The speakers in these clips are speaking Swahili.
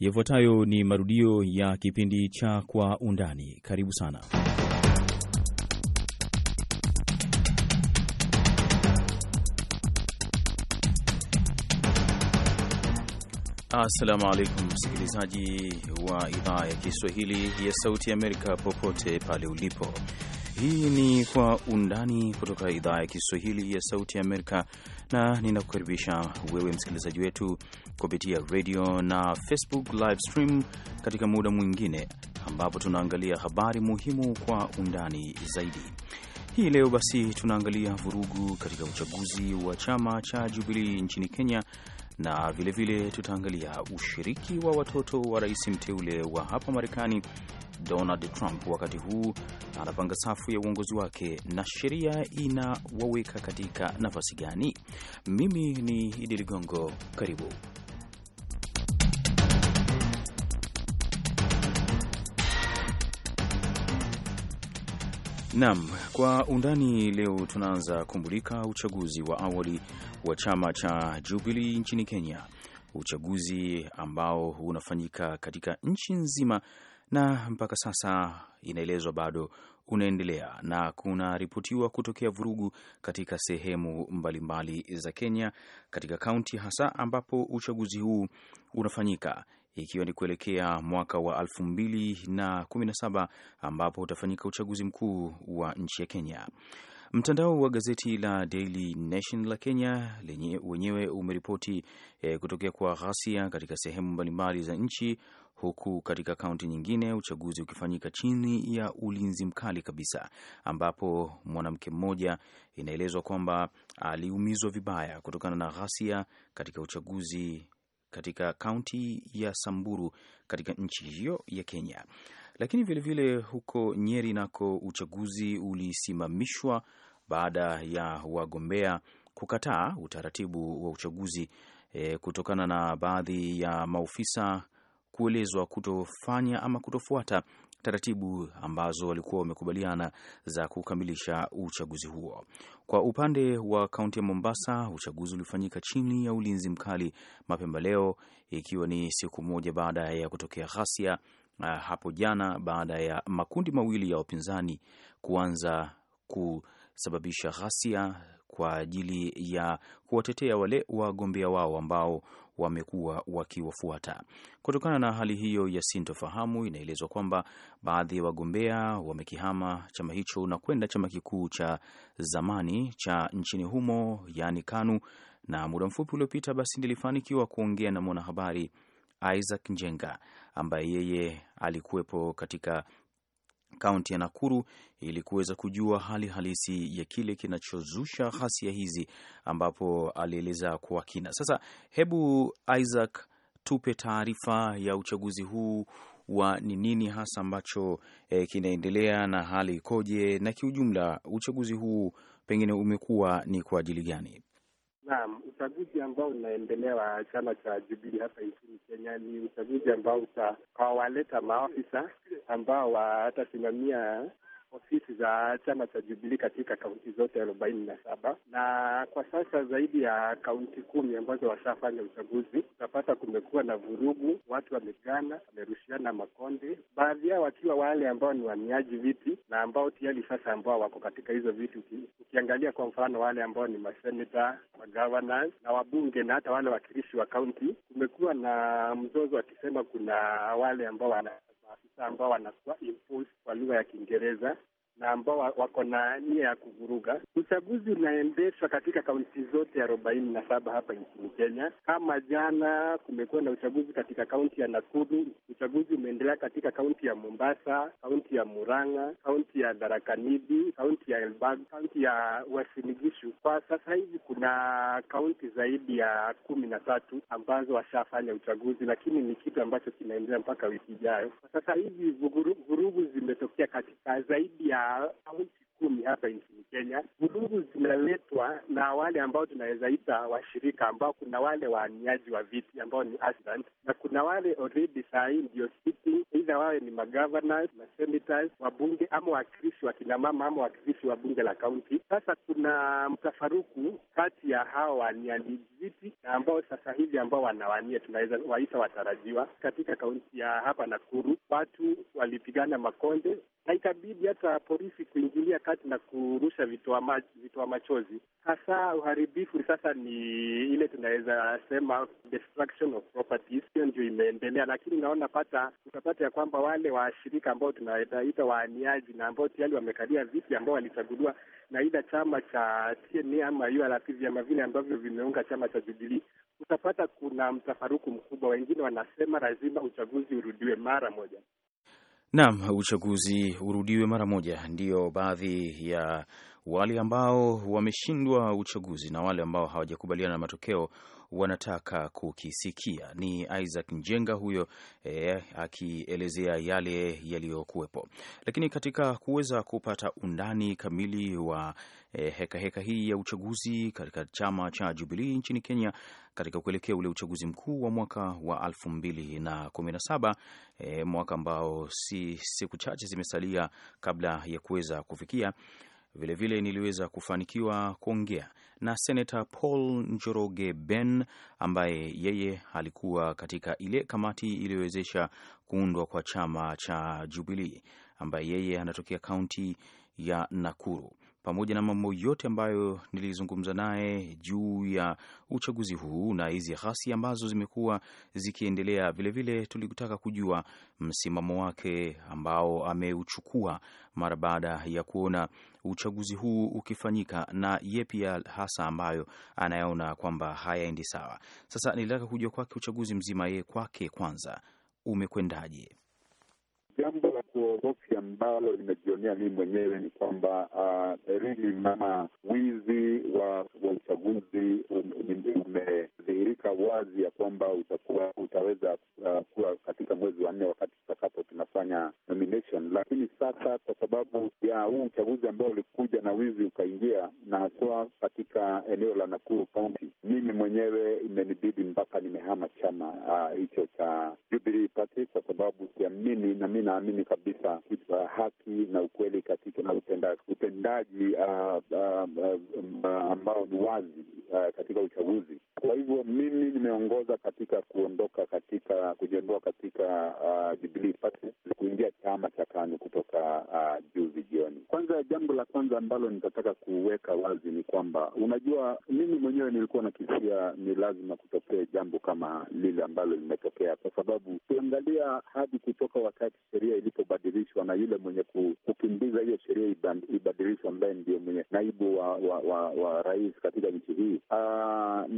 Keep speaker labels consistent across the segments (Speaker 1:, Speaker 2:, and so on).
Speaker 1: Yafuatayo ni marudio ya kipindi cha Kwa Undani. Karibu sana. Assalamu alaikum, msikilizaji wa idhaa ya Kiswahili ya Sauti ya Amerika, popote pale ulipo. Hii ni Kwa Undani kutoka idhaa ya Kiswahili ya Sauti ya Amerika, na ninakukaribisha wewe msikilizaji wetu kupitia radio na Facebook live stream katika muda mwingine ambapo tunaangalia habari muhimu kwa undani zaidi. Hii leo basi tunaangalia vurugu katika uchaguzi wa chama cha Jubilii nchini Kenya na vilevile tutaangalia ushiriki wa watoto wa rais mteule wa hapa Marekani Donald Trump wakati huu anapanga safu ya uongozi wake na sheria inawaweka katika nafasi gani? Mimi ni Idi Ligongo, karibu Nam kwa undani leo, tunaanza kumbulika uchaguzi wa awali wa chama cha Jubilee nchini Kenya, uchaguzi ambao unafanyika katika nchi nzima na mpaka sasa inaelezwa bado unaendelea na kunaripotiwa kutokea vurugu katika sehemu mbalimbali mbali za Kenya katika kaunti hasa ambapo uchaguzi huu unafanyika ikiwa ni kuelekea mwaka wa elfu ambapo utafanyika uchaguzi mkuu wa nchi ya Kenya. Mtandao wa gazeti la Daily Nation la Kenya lenye wenyewe umeripoti e, kutokea kwa ghasia katika sehemu mbalimbali za nchi huku katika kaunti nyingine uchaguzi ukifanyika chini ya ulinzi mkali kabisa, ambapo mwanamke mmoja inaelezwa kwamba aliumizwa vibaya kutokana na ghasia katika uchaguzi katika kaunti ya Samburu katika nchi hiyo ya Kenya. Lakini vilevile vile huko Nyeri nako uchaguzi ulisimamishwa baada ya wagombea kukataa utaratibu wa uchaguzi e, kutokana na baadhi ya maofisa kuelezwa kutofanya ama kutofuata taratibu ambazo walikuwa wamekubaliana za kukamilisha uchaguzi huo. Kwa upande wa kaunti ya Mombasa, uchaguzi ulifanyika chini ya ulinzi mkali mapema leo, ikiwa ni siku moja baada ya kutokea ghasia hapo jana baada ya makundi mawili ya wapinzani kuanza kusababisha ghasia kwa ajili ya kuwatetea wale wagombea wao ambao wamekuwa wakiwafuata. Kutokana na hali hiyo ya sintofahamu, inaelezwa kwamba baadhi ya wagombea wamekihama chama hicho na kwenda chama kikuu cha zamani cha nchini humo, yani KANU. Na muda mfupi uliopita, basi nilifanikiwa kuongea na mwanahabari Isaac Njenga ambaye yeye alikuwepo katika kaunti ya Nakuru ili kuweza kujua hali halisi ya kile kinachozusha ghasia hizi, ambapo alieleza kwa kina. Sasa hebu Isaac, tupe taarifa ya uchaguzi huu wa ni nini hasa ambacho e, kinaendelea na hali ikoje, na kiujumla uchaguzi huu pengine umekuwa ni kwa ajili gani?
Speaker 2: Naam, uchaguzi ambao unaendelea wa chama cha Jubilee hapa nchini Kenya ni uchaguzi ambao utawaleta maafisa ambao watasimamia ofisi za chama cha jubilii katika kaunti zote arobaini na saba na kwa sasa zaidi ya kaunti kumi ambazo washafanya uchaguzi, utapata kumekuwa na vurugu, watu wamegana, wamerushiana makonde, baadhi yao wakiwa wale ambao ni wamiaji viti na ambao tayari sasa ambao wako katika hizo viti. Ukiangalia kwa mfano wale ambao ni maseneta, magavana na wabunge na hata wale wakilishi wa kaunti, kumekuwa na mzozo, wakisema kuna wale ambao wana ambao wanakuwa impulse kwa lugha ya Kiingereza na ambao wako na nia ya kuvuruga uchaguzi. Unaendeshwa katika kaunti zote arobaini na saba hapa nchini Kenya. Kama jana kumekuwa na uchaguzi katika kaunti ya Nakuru, uchaguzi umeendelea katika kaunti ya Mombasa, kaunti ya Murang'a, kaunti ya Tharaka kaunti ya Elburg, kaunti ya Uasin Gishu. Kwa sasa hivi kuna kaunti zaidi ya kumi na tatu ambazo washafanya uchaguzi, lakini ni kitu ambacho kinaendelea mpaka wiki ijayo. Kwa sasa hivi vurugu zimetokea katika zaidi ya I, I would kumi hapa nchini Kenya. Vurugu zinaletwa na wale ambao tunaweza ita washirika, ambao kuna wale wahamiaji wa viti ambao ni aspirant, na kuna wale already saa hii ndio sitting, wawe ni magavana, masenators, wabunge ama wakilishi wa kinamama ama wakilishi wa bunge la kaunti. Sasa kuna mtafaruku kati ya hao waniani viti na ambao sasa hivi ambao wanawania tunaweza waita watarajiwa katika kaunti ya hapa Nakuru. Watu walipigana makonde na ikabidi hata polisi kuingilia harakati na kurusha vitoa ma, machozi. Hasa uharibifu sasa ni ile tunaweza sema destruction of properties, hiyo ndio imeendelea, lakini unaona pata utapata ya kwamba wale washirika ambao tunaita waaniaji na ambao tayari wamekalia viti ambao walichaguliwa na ila chama cha TNA ama URP, vyama vile ambavyo vimeunga chama cha jubilii utapata kuna mtafaruku mkubwa. Wengine wanasema lazima uchaguzi urudiwe mara moja.
Speaker 1: Naam, uchaguzi urudiwe mara moja, ndiyo baadhi ya wale ambao wameshindwa uchaguzi na wale ambao hawajakubaliana na matokeo wanataka kukisikia. Ni Isaac Njenga huyo eh, akielezea yale yaliyokuwepo. Lakini katika kuweza kupata undani kamili wa eh, heka heka hii ya uchaguzi katika chama cha Jubilii nchini Kenya katika kuelekea ule uchaguzi mkuu wa mwaka wa elfu mbili na kumi na saba eh, mwaka ambao si siku chache zimesalia kabla ya kuweza kufikia Vilevile vile niliweza kufanikiwa kuongea na Senata Paul Njoroge Ben ambaye yeye alikuwa katika ile kamati iliyowezesha kuundwa kwa chama cha Jubilee ambaye yeye anatokea kaunti ya Nakuru pamoja na mambo yote ambayo nilizungumza naye juu ya uchaguzi huu na hizi ghasia ambazo zimekuwa zikiendelea. Vilevile tulitaka kujua msimamo wake ambao ameuchukua mara baada ya kuona uchaguzi huu ukifanyika, na ye pia hasa ambayo anayaona kwamba hayaendi sawa. Sasa nilitaka kujua kwake uchaguzi mzima, ye kwake kwanza umekwendaje?
Speaker 3: Jambo kuogofya ambalo limejionea mii mwenyewe ni kwamba uh, ah, rili mama wizi wa, wa uchaguzi umedhihirika ume, wazi ya kwamba utakuwa utaweza uh, kuwa katika mwezi wa nne wakati tutakapo tunafanya nomination, lakini sasa kwa sababu ya huu uchaguzi ambao ulikuja na wizi ukaingia, na haswa katika eneo la Nakuru Kaunti, mimi mwenyewe imenibidi mpaka nimehama chama ah, hicho uh, cha jubilii pati kwa sababu siamini, na mi naamini kabisa kabisa haki na ukweli katika na utendaji, utendaji uh, uh, ah, ah, ambao ni wazi uh, katika uchaguzi. Kwa hivyo mimi nimeongoza katika kuondoka katika kujiondoa katika uh, Jubilee Party kuingia chama cha KANU la kwanza ambalo nitataka kuweka wazi ni kwamba, unajua, mimi mwenyewe nilikuwa nakisia ni lazima kutokea jambo kama lile ambalo limetokea, kwa sababu ukiangalia hadi kutoka wakati sheria ilipobadilishwa na yule mwenye kukimbiza hiyo sheria ibadilishwa, ambaye ndio mwenye naibu wa, wa, wa, wa rais katika nchi hii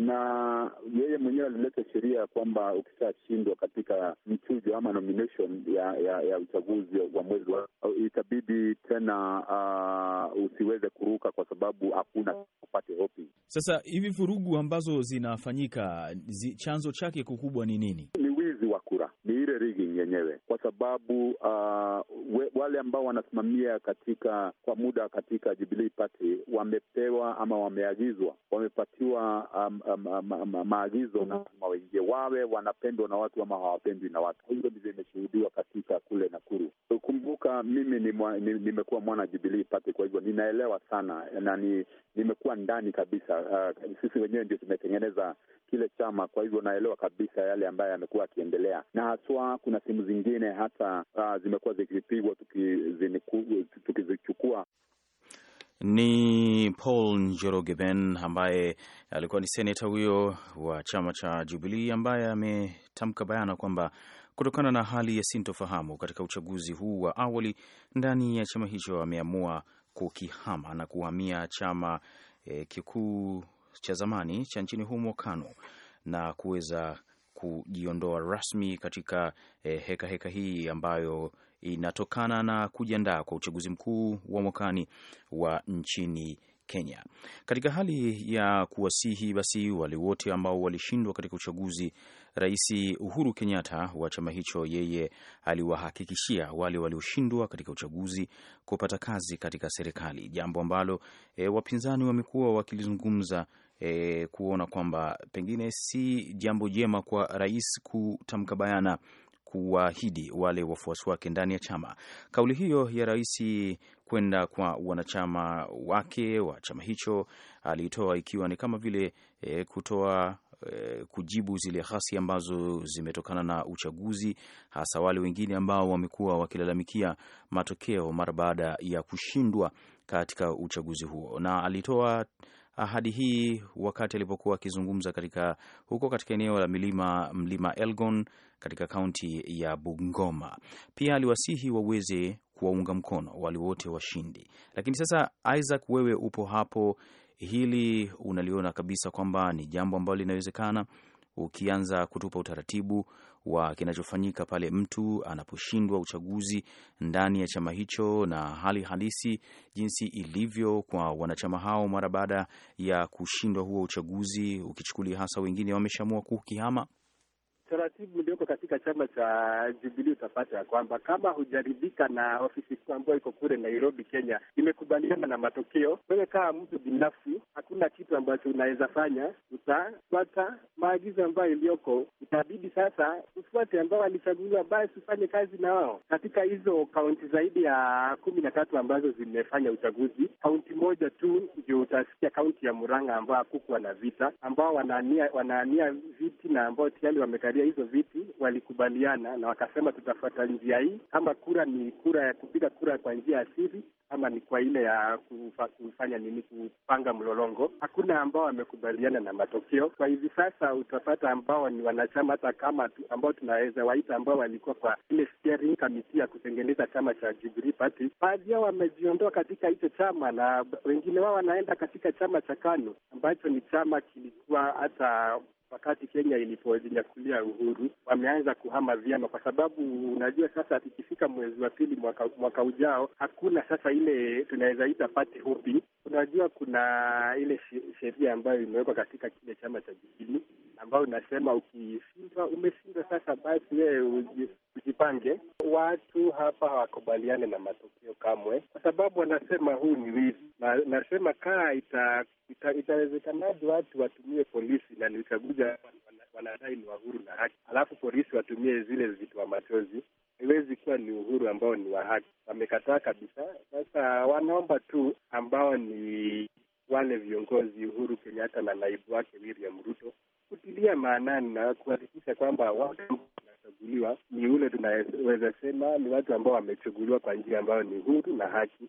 Speaker 3: na yeye mwenyewe alileta sheria ya kwamba ukishashindwa katika mchujo ama nomination ya, ya, ya uchaguzi wa mwezi wa itabidi tena uh, usiweze kuruka kwa sababu hakuna upate hopi.
Speaker 1: Sasa hivi vurugu ambazo zinafanyika zi, chanzo chake kikubwa ni nini?
Speaker 3: sababu uh, we, wale ambao wanasimamia katika kwa muda katika Jubilee Party wamepewa ama wameagizwa, wamepatiwa um, um, um, um, um maagizo na mhm. wengie wawe wanapendwa na watu ama hawapendwi na watu. Hivyo ndivyo imeshuhudiwa katika kule Nakuru. Kumbuka mimi nimekuwa ni, ni mwana Jubilee Party, kwa hivyo ninaelewa sana na ni limekuwa ndani kabisa. Uh, sisi wenyewe ndio tumetengeneza kile chama, kwa hivyo naelewa kabisa yale ambayo yamekuwa akiendelea na haswa kuna simu zingine hata uh, zimekuwa zikipigwa tukizichukua
Speaker 1: ni Paul Njoroge ambaye alikuwa ni seneta huyo wa chama cha Jubilii ambaye ametamka bayana kwamba kutokana na hali ya sintofahamu katika uchaguzi huu wa awali ndani ya chama hicho ameamua kukihama na kuhamia chama e, kikuu cha zamani cha nchini humo KANU na kuweza kujiondoa rasmi katika e, heka heka hii ambayo inatokana na kujiandaa kwa uchaguzi mkuu wa mwakani wa nchini Kenya. Katika hali ya kuwasihi basi wale wote ambao walishindwa katika uchaguzi, Rais Uhuru Kenyatta wa chama hicho, yeye aliwahakikishia wale walioshindwa katika uchaguzi kupata kazi katika serikali, jambo ambalo e, wapinzani wamekuwa wakilizungumza E, kuona kwamba pengine si jambo jema kwa rais kutamka bayana kuwaahidi wale wafuasi wake ndani ya chama. Kauli hiyo ya rais kwenda kwa wanachama wake wa chama hicho aliitoa ikiwa ni kama vile e, kutoa e, kujibu zile ghasia ambazo zimetokana na uchaguzi, hasa wale wengine ambao wamekuwa wakilalamikia matokeo mara baada ya kushindwa katika uchaguzi huo, na alitoa ahadi hii wakati alipokuwa akizungumza katika huko katika eneo la milima mlima Elgon katika kaunti ya Bungoma. Pia aliwasihi waweze kuwaunga mkono wale wote washindi. Lakini sasa, Isaac, wewe upo hapo, hili unaliona kabisa kwamba ni jambo ambalo linawezekana ukianza kutupa utaratibu wa kinachofanyika pale mtu anaposhindwa uchaguzi ndani ya chama hicho na hali halisi jinsi ilivyo kwa wanachama hao mara baada ya kushindwa huo uchaguzi, ukichukulia hasa wengine wameshaamua kukihama.
Speaker 2: Taratibu ulioko katika chama cha Jubilee utapata ya kwamba kama hujaribika na ofisi kuu ambayo iko kule Nairobi, Kenya, imekubaliana na matokeo, wewe kama mtu binafsi, hakuna kitu ambacho unaweza fanya. Utapata maagizo ambayo iliyoko, itabidi sasa ufuate ambao walichaguliwa, basi ufanye kazi na wao. Katika hizo kaunti zaidi ya kumi na tatu ambazo zimefanya uchaguzi, kaunti moja tu ndio utasikia, kaunti ya Murang'a, ambao hakukuwa na vita, ambao wanaania wanania viti na ambao tayari wamekalia ya hizo viti walikubaliana na wakasema, tutafuata njia hii, kama kura ni kura ya kupiga kura kwa njia ya siri ama ni kwa ile ya kufa, kufanya nini, kupanga mlolongo. Hakuna ambao wamekubaliana na matokeo kwa hivi sasa. Utapata ambao ni wanachama hata kama ambao tunaweza waita ambao walikuwa kwa ile steering committee ya kutengeneza chama cha Jubilee Party, baadhi yao wamejiondoa katika hicho chama na wengine wao wanaenda katika chama cha KANU ambacho ni chama kilikuwa hata wakati Kenya ilipojinyakulia uhuru, wameanza kuhama vyama, kwa sababu unajua sasa tukifika mwezi wa pili mwaka, mwaka ujao hakuna sasa ile tunaweza ita party hopping. Unajua kuna ile sheria ambayo imewekwa katika kile chama cha Jubilee ambayo unasema ukishindwa, umeshindwa, sasa basi wewe ujipange. Watu hapa hawakubaliane na matokeo kamwe, kwa sababu wanasema huu ni wizi, na nasema kaa ita ita, itawezekanaje watu watumie polisi na ni uchaguzi wanadai ni wahuru na haki, alafu polisi watumie zile vitoa machozi? Haiwezi kuwa ni uhuru ambao ni wa haki. Wamekataa kabisa. Sasa wanaomba tu ambao ni wale viongozi Uhuru Kenyatta na naibu wake William Ruto kutilia maanani na kuhakikisha kwamba watu wanachaguliwa ni ule tunaweza sema ni watu ambao wamechaguliwa kwa njia ambayo ni huru na haki.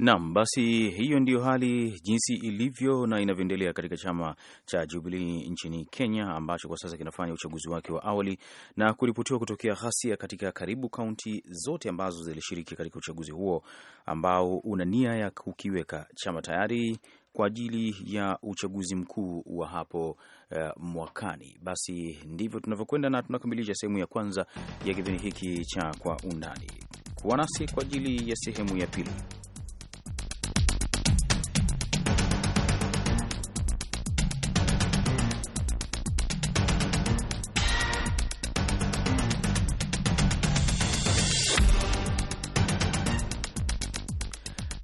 Speaker 1: Naam, basi hiyo ndiyo hali jinsi ilivyo na inavyoendelea katika chama cha Jubilee nchini Kenya ambacho kwa sasa kinafanya uchaguzi wake wa awali na kuripotiwa kutokea ghasia katika karibu kaunti zote ambazo zilishiriki katika uchaguzi huo ambao una nia ya kukiweka chama tayari kwa ajili ya uchaguzi mkuu wa hapo uh, mwakani. Basi ndivyo tunavyokwenda na tunakamilisha sehemu ya kwanza ya kipindi hiki cha Kwa Undani. Kuwa nasi kwa ajili ya sehemu ya pili.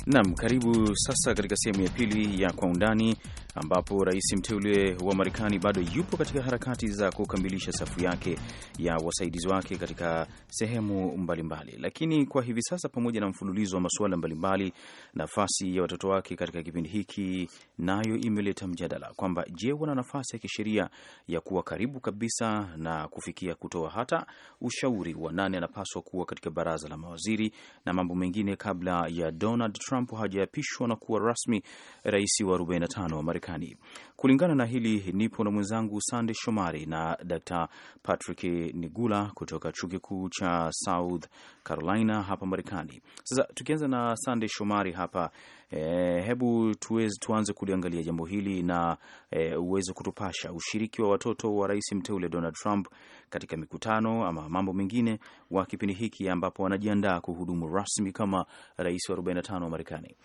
Speaker 1: Naam, karibu sasa katika sehemu ya pili ya kwa undani ambapo rais mteule wa Marekani bado yupo katika harakati za kukamilisha safu yake ya wasaidizi wake katika sehemu mbalimbali mbali. Lakini kwa hivi sasa, pamoja na mfululizo wa masuala mbalimbali, nafasi ya watoto wake katika kipindi hiki nayo imeleta mjadala kwamba je, wana nafasi ya kisheria ya kuwa karibu kabisa na kufikia kutoa hata ushauri wa nani anapaswa kuwa katika baraza la mawaziri na mambo mengine kabla ya Donald Trump hajaapishwa na kuwa rasmi rais wa 45 wa Marekani. Marekani. Kulingana na hili, nipo na mwenzangu Sande Shomari na Dr Patrick Nigula kutoka chuo kikuu cha South Carolina hapa Marekani. Sasa tukianza na Sande Shomari hapa e, hebu tuweze, tuanze kuliangalia jambo hili na e, eh, uweze kutupasha ushiriki wa watoto wa rais mteule Donald Trump katika mikutano ama mambo mengine wa kipindi hiki ambapo wanajiandaa kuhudumu rasmi kama rais wa 45 wa
Speaker 4: Marekani.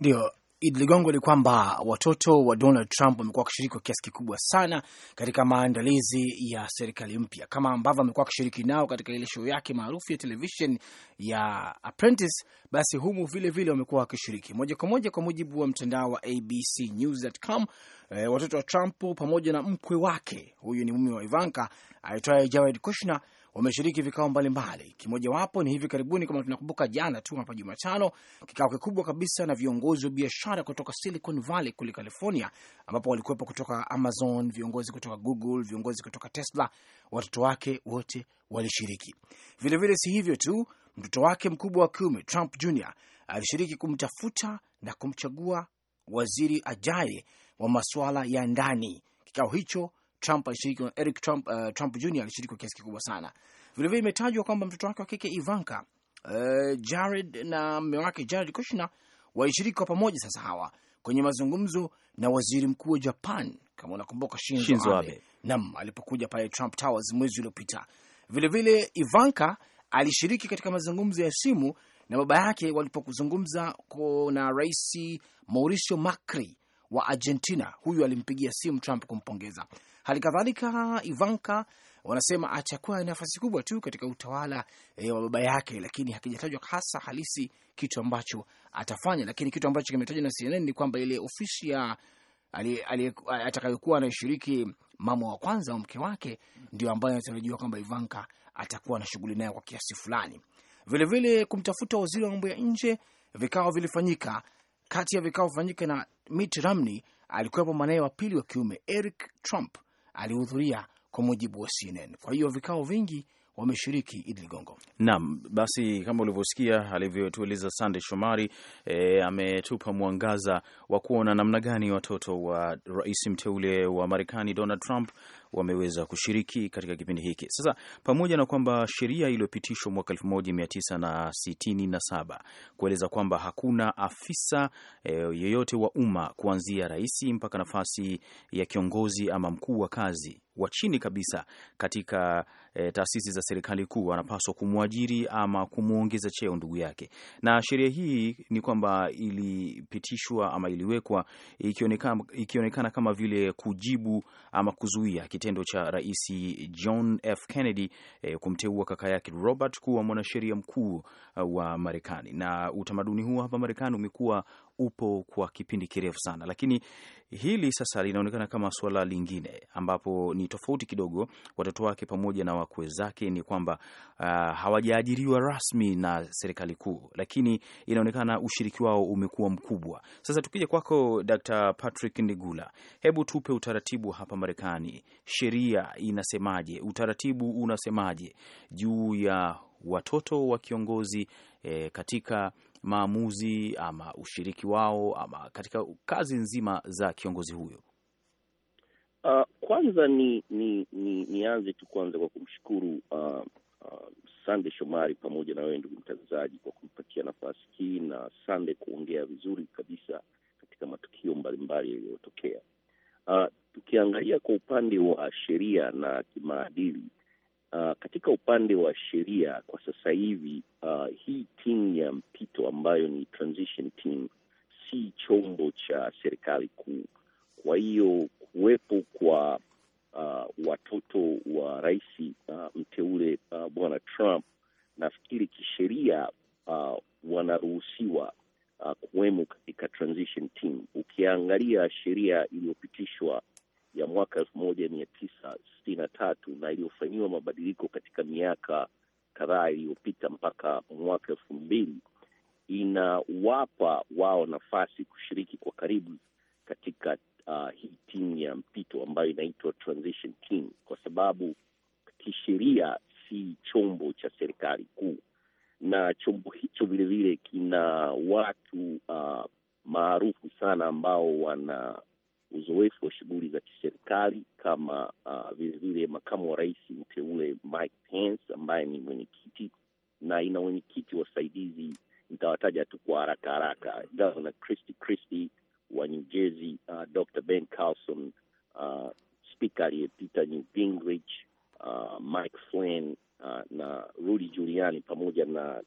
Speaker 4: Ndio Idi Ligongo, ni kwamba watoto wa Donald Trump wamekuwa wakishiriki kwa kiasi kikubwa sana katika maandalizi ya serikali mpya, kama ambavyo amekuwa akishiriki nao katika ile show yake maarufu ya television ya Apprentice. Basi humu vile vile wamekuwa wakishiriki moja kwa moja, kwa mujibu wa mtandao wa abcnews.com. E, eh, watoto wa Trump pamoja na mkwe wake, huyu ni mume wa Ivanka aitwaye Jared Kushner wameshiriki vikao mbalimbali. Kimojawapo ni hivi karibuni, kama tunakumbuka, jana tu hapa Jumatano, kikao kikubwa kabisa na viongozi wa biashara kutoka Silicon Valley kule California, ambapo walikuwepo kutoka Amazon, viongozi kutoka Google, viongozi kutoka Tesla, watoto wake wote walishiriki. Vilevile si hivyo tu, mtoto wake mkubwa wa kiume Trump Jr alishiriki kumtafuta na kumchagua waziri ajaye wa masuala ya ndani. Kikao hicho Trump alishiriki, Eric Trump, uh, Trump Jr alishiriki kwa kiasi kikubwa sana. Vilevile imetajwa kwamba mtoto wake wa kike Ivanka, uh, Jared na mme wake Jared Kushner walishiriki kwa pamoja sasa hawa kwenye mazungumzo na waziri mkuu wa Japan kama unakumbuka, Shinzo, Shinzo Abe nam alipokuja pale Trump Towers mwezi uliopita. Vilevile Ivanka alishiriki katika mazungumzo ya simu na baba yake walipozungumza na Rais Mauricio Macri wa Argentina. Huyu alimpigia simu Trump kumpongeza. Hali kadhalika Ivanka wanasema atakuwa na nafasi kubwa tu katika utawala e, wa baba yake, lakini hakijatajwa hasa halisi kitu ambacho atafanya. Lakini kitu ambacho kimetajwa na CNN ni kwamba ile ofisi ya atakayokuwa anashiriki mama wa kwanza wa mke wake ndio ambayo anatarajiwa kwamba Ivanka atakuwa na shughuli nayo kwa kiasi fulani. Vilevile kumtafuta waziri wa mambo ya nje, vikao vilifanyika. Kati ya vikao vifanyika na Mitt Romney alikuwepo mwanaye wa pili wa kiume Eric Trump alihudhuria, kwa mujibu wa CNN. Kwa hiyo vikao vingi wameshiriki Idi Ligongo.
Speaker 1: Naam, basi kama ulivyosikia alivyotueleza Sande Shomari, e, ametupa mwangaza wa kuona namna gani watoto wa rais mteule wa Marekani Donald Trump wameweza kushiriki katika kipindi hiki. Sasa, pamoja na kwamba sheria iliyopitishwa mwaka saba kueleza kwamba hakuna afisa e, yeyote wa umma kuanzia rais mpaka nafasi ya kiongozi ama mkuu wa kazi wa chini kabisa katika e, taasisi za serikali kuu anapaswa kumwajiri ama kumwongeza cheo ndugu yake. Na sheria hii ni kwamba ilipitishwa ama iliwekwa ikionekana, ikionekana kama vile kujibu ama kuzuia kitendo cha Rais John F. Kennedy e, kumteua kaka yake Robert kuwa mwanasheria mkuu eh, wa Marekani, na utamaduni huu hapa Marekani umekuwa upo kwa kipindi kirefu sana, lakini hili sasa linaonekana kama suala lingine ambapo ni tofauti kidogo. Watoto wake pamoja na wakwe zake ni kwamba uh, hawajaajiriwa rasmi na serikali kuu, lakini inaonekana ushiriki wao umekuwa mkubwa. Sasa tukija kwako Dr. Patrick Nigula, hebu tupe utaratibu hapa Marekani, sheria inasemaje? Utaratibu unasemaje juu ya watoto wa kiongozi eh, katika maamuzi ama ushiriki wao ama katika kazi nzima za kiongozi huyo?
Speaker 5: Uh, kwanza ni nianze ni, ni tu kwanza kwa kumshukuru uh, uh, Sande Shomari pamoja na wewe ndugu mtangazaji kwa kumpatia nafasi hii na Sande kuongea vizuri kabisa katika matukio mbalimbali yaliyotokea. Uh, tukiangalia kwa upande wa sheria na kimaadili Uh, katika upande wa sheria kwa sasa hivi uh, hii timu ya mpito ambayo ni transition team si chombo cha serikali kuu. Kwa hiyo kuwepo kwa uh, watoto wa rais uh, mteule uh, bwana Trump, nafikiri kisheria uh, wanaruhusiwa uh, kuwemo katika transition team. Ukiangalia sheria iliyopitishwa ya mwaka elfu moja mia tisa sitini na tatu na iliyofanyiwa mabadiliko katika miaka kadhaa iliyopita mpaka mwaka elfu mbili inawapa wao nafasi kushiriki kwa karibu katika uh, hii timu ya mpito ambayo inaitwa transition team, kwa sababu kisheria si chombo cha serikali kuu, na chombo hicho vilevile kina watu uh, maarufu sana ambao wana uzoefu wa shughuli za kiserikali kama vilevile uh, makamu wa rais mteule Mike Pence ambaye ni mwenyekiti na ina wenyekiti wasaidizi, nitawataja tu kwa haraka haraka: Governor Christy Christie wa New Jersey, uh, Dr. Ben Carlson, uh, spika aliyepita Newt Gingrich, uh, Mike Flynn uh, na Rudy Giuliani pamoja na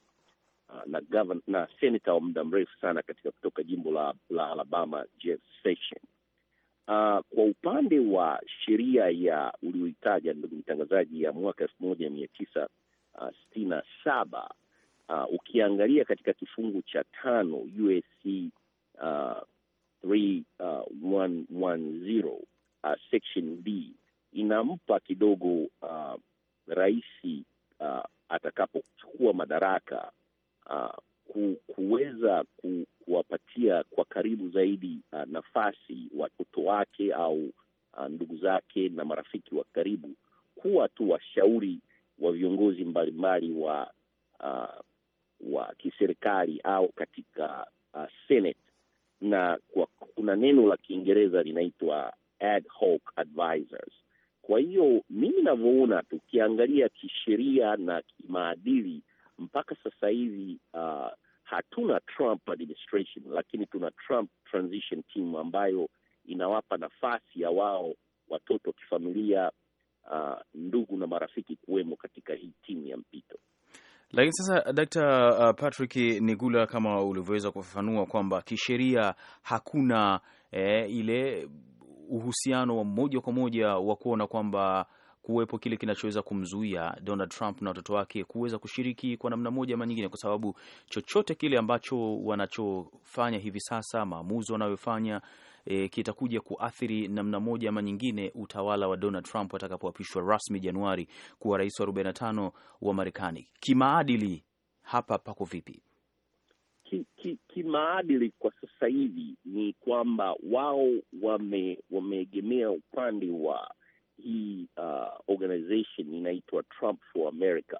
Speaker 5: uh, na governor, na senata wa muda mrefu sana katika kutoka jimbo la, la Alabama Jeff Sessions. Uh, kwa upande wa sheria ya ulioitaja ndugu mtangazaji ya mwaka elfu moja mia tisa uh, sitini na saba uh, ukiangalia katika kifungu cha tano USC uh, 3110 uh, uh, section B inampa kidogo uh, rais uh, atakapochukua madaraka uh, kuweza ku, kuwapatia kwa karibu zaidi uh, nafasi watoto wake au uh, ndugu zake na marafiki wa karibu kuwa tu washauri wa viongozi mbalimbali wa uh, wa kiserikali au katika uh, Senate na kwa, kuna neno la Kiingereza linaitwa ad hoc advisors. Kwa hiyo mimi navyoona, tukiangalia kisheria na kimaadili mpaka sasa hivi uh, hatuna Trump administration, lakini tuna Trump transition team ambayo inawapa nafasi ya wao watoto wa kifamilia uh, ndugu na marafiki kuwemo katika hii timu ya mpito.
Speaker 1: Lakini sasa Dr. Uh, Patrick Nigula, kama ulivyoweza kufafanua kwamba kisheria hakuna eh, ile uhusiano wa moja kwa moja wa kuona kwamba kuwepo kile kinachoweza kumzuia Donald Trump na watoto wake kuweza kushiriki kwa namna moja ama nyingine, kwa sababu chochote kile ambacho wanachofanya hivi sasa, maamuzi wanayofanya E, kitakuja kuathiri namna moja ama nyingine utawala wa Donald Trump atakapoapishwa rasmi Januari kuwa rais wa 45 wa Marekani. Kimaadili hapa pako vipi?
Speaker 5: Ki, ki, kimaadili kwa sasa hivi ni kwamba wao wame, wameegemea upande wa hii uh, organization inaitwa Trump for America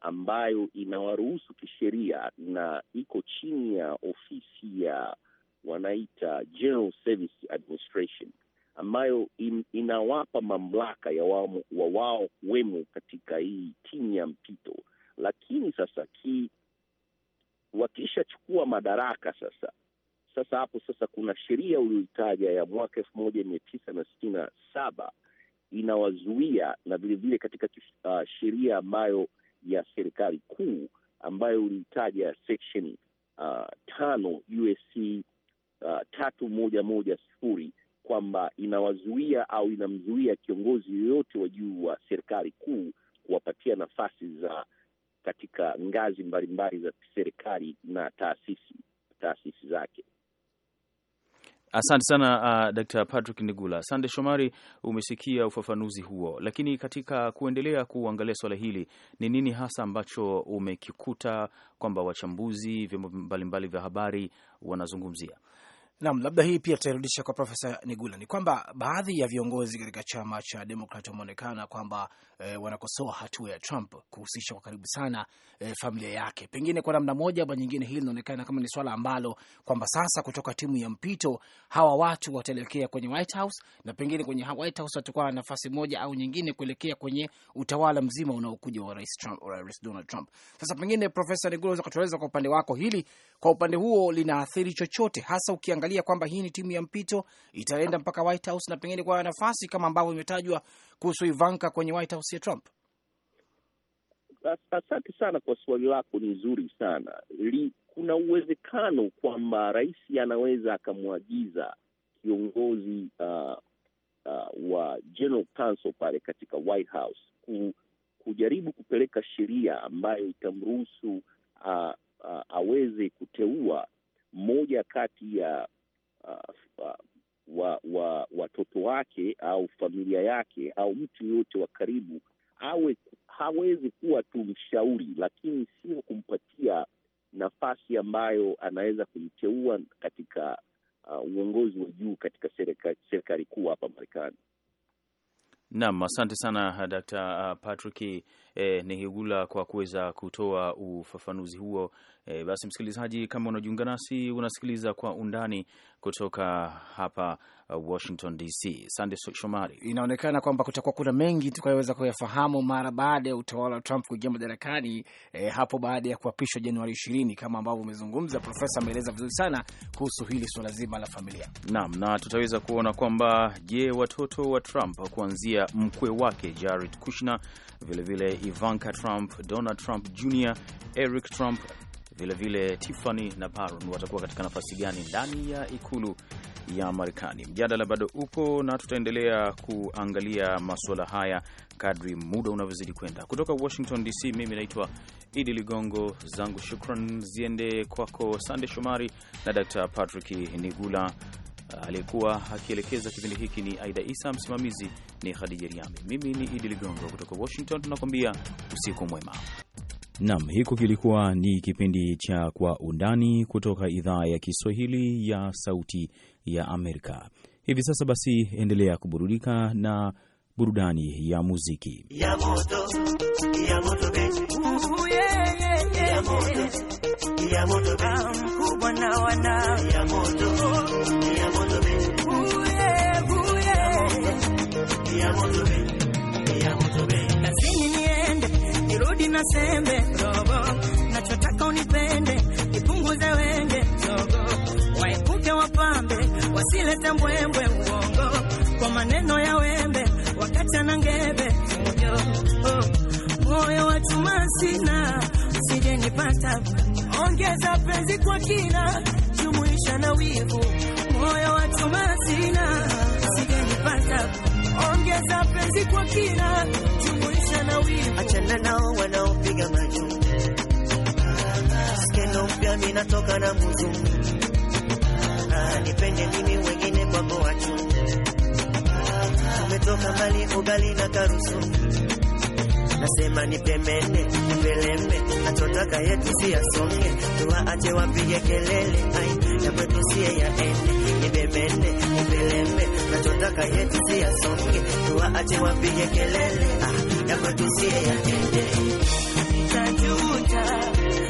Speaker 5: ambayo inawaruhusu kisheria na iko chini ya ofisi ya wanaita General Service Administration ambayo in, inawapa mamlaka ya wao wa wao kuwemo katika hii timu ya mpito, lakini sasa ki wakishachukua madaraka sasa sasa hapo sasa kuna sheria uliohitaja ya mwaka elfu moja mia tisa na sitini na saba inawazuia na vilevile katika uh, sheria ambayo ya serikali kuu ambayo ulitaja section uh, tano USC uh, tatu moja moja sifuri kwamba inawazuia au inamzuia kiongozi yoyote wa juu wa serikali kuu kuwapatia nafasi za katika ngazi mbalimbali za serikali na taasisi taasisi
Speaker 1: zake. Asante sana uh, Dr. Patrick Nigula. Sande Shomari, umesikia ufafanuzi huo, lakini katika kuendelea kuangalia swala hili, ni nini hasa ambacho umekikuta kwamba wachambuzi, vyombo mbalimbali vya habari
Speaker 4: wanazungumzia? Naam, labda hii pia tutairudisha kwa Profesa Nigula, ni kwamba baadhi ya viongozi katika chama cha Demokrat wameonekana kwamba e, wanakosoa hatua ya Trump kuhusisha kwa karibu sana e, familia yake, pengine kwa namna moja ama nyingine. Hili linaonekana kama ni swala ambalo kwamba sasa kutoka timu ya mpito hawa watu wataelekea kwenye White House, na pengine kwenye White House watakuwa na nafasi moja au nyingine kuelekea kwenye utawala mzima unaokuja wa Rais Trump, Rais Donald Trump. Sasa pengine Profesa Nigula, unaweza kutueleza kwa upande wako hili, kwa upande huo linaathiri chochote hasa ukiangalia kuangalia kwamba hii ni timu ya mpito itaenda mpaka White House na pengine kwa nafasi kama ambavyo imetajwa kuhusu Ivanka kwenye White House ya Trump?
Speaker 5: Asante sana kwa swali lako, ni nzuri sana Li, kuna uwezekano kwamba rais anaweza akamwagiza kiongozi uh, uh, wa General Counsel pale katika White House ku, kujaribu kupeleka sheria ambayo itamruhusu uh, uh, aweze kuteua mmoja kati ya Uh, uh, wa, wa watoto wake au familia yake au mtu yoyote wa karibu awe hawezi kuwa tu mshauri, lakini sio kumpatia nafasi ambayo anaweza kumteua katika uh, uongozi wa juu katika serikali kuu hapa Marekani.
Speaker 1: Naam, asante sana Dkt. Patrick eh, Nihigula kwa kuweza kutoa ufafanuzi huo. Eh, basi msikilizaji, kama unajiunga nasi unasikiliza kwa undani kutoka hapa uh, Washington DC. Sande Shomari,
Speaker 4: inaonekana kwamba kutakuwa kuna mengi tukayoweza kuyafahamu mara baada ya utawala wa Trump kuingia madarakani eh, hapo baada ya kuapishwa Januari 20 kama ambavyo umezungumza. Profesa ameeleza vizuri sana kuhusu hili suala zima la familia.
Speaker 1: Naam, na tutaweza kuona kwamba je, watoto wa Trump kuanzia mkwe wake Jared Kushner vilevile vile Ivanka Trump, Donald Trump Jr, Eric Trump, vilevile vile Tiffany na Barron watakuwa katika nafasi gani ndani ya ikulu ya Marekani. Mjadala bado upo na tutaendelea kuangalia masuala haya kadri muda unavyozidi kwenda. Kutoka Washington DC, mimi naitwa Idi Ligongo, zangu shukran ziende kwako Sande Shomari na Dr Patrick Nigula Aliyekuwa akielekeza kipindi hiki ni Aida Isa, msimamizi ni Khadija Riami, mimi ni Idi Ligongo kutoka Washington, tunakuambia usiku mwema. Nam, hiko kilikuwa ni kipindi cha Kwa Undani kutoka idhaa ya Kiswahili ya Sauti ya Amerika. Hivi sasa basi, endelea kuburudika na burudani ya muziki ya moto,
Speaker 6: ya moto ya moto mkubwa na niende nirudi na sembe robo nachotaka unipende nipunguze wenge zogo waepuke wapambe wasilete mbwembwe uongo kwa maneno ya wembe wakati ana ngebe oh, moyo oh, wa chuma sina usije nipata ongeza penzi kwa kina, jumuisha na wivu, moyo wa tumaini sijanipata. Ongeza penzi kwa kina, jumuisha na wivu, achana nao wanaopiga majungu. Skendo mpya minatoka na muzungu, ah, nipende mimi, wengine kwako wachungu. Umetoka mbali, ugali na karusu nasema nipemene peleme atotaka yetu si asonge, tuwa tuwaache wapige kelele, ai ya kwetu siye yaende. Nipemene nipelembe, nachotaka yetu si asonge, tuwa tuwaache wapige kelele, ah ya kwetu ya ene Nitajuta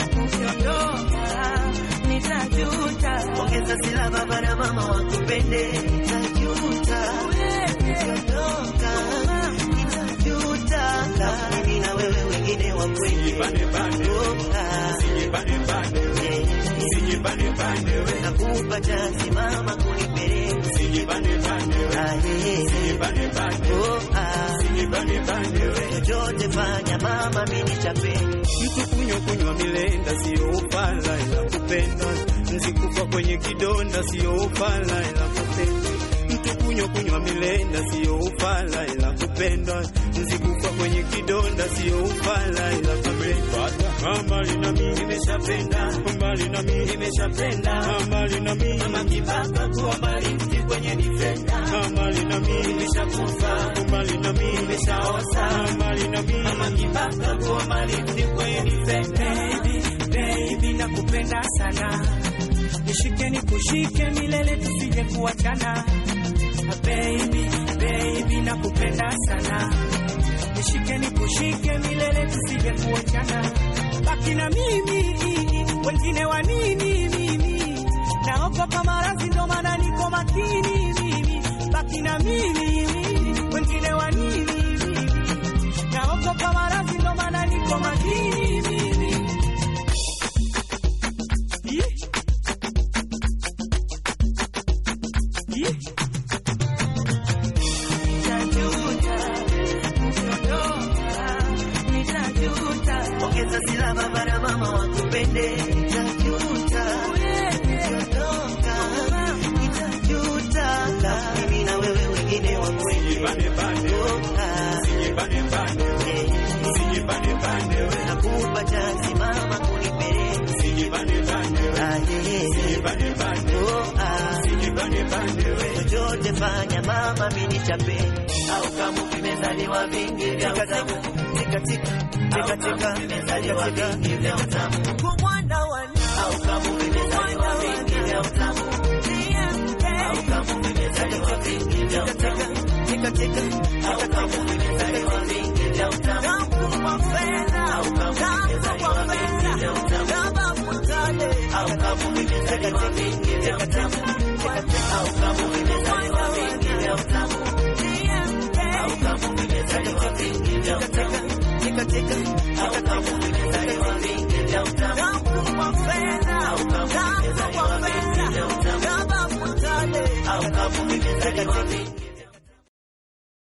Speaker 6: ukiondoka, nitajuta. Ongeza silaba bara mama wakupende, nitajuta wewe nakupa chansi mama kunipeleka mtu kunywa kunywa milenda sio upala ila kupenda mzikufa kwenye kidonda sio upala ila kupenda mtu kunywa kunywa milenda sio upala ila kupenda mzikufa kwenye kidonda, sio upala, ila Mama lina mimi nimeshapenda, mama lina mimi nimeshapenda, mama lina mimi mama kibaba kwa mbali mti kwenye defender, mama lina mimi nimeshakufa, mama lina mimi nimeshaosa, mama lina mimi mama kibaba kwa mbali mti kwenye defender, baby baby nakupenda sana, nishike nikushike milele tusije kuachana, baby baby nakupenda sana nishike nikushike milele tusije kuochana, baki na mimi, wengine wa nini? Mimi naogopa maradhi, ndo maana niko makini mimi, baki na mimi, wengine wa nini? Mimi Naogopa maradhi, ndo maana niko makini nakupa chance mama, kunipeleka chochote fanya mama, mini chape au kama vimezaliwa vingi vya utamu, kwa mwana wa au kama vimezaliwa vingi vya utamu au kama vimezaliwa vingi vya utamu Teka teka teka teka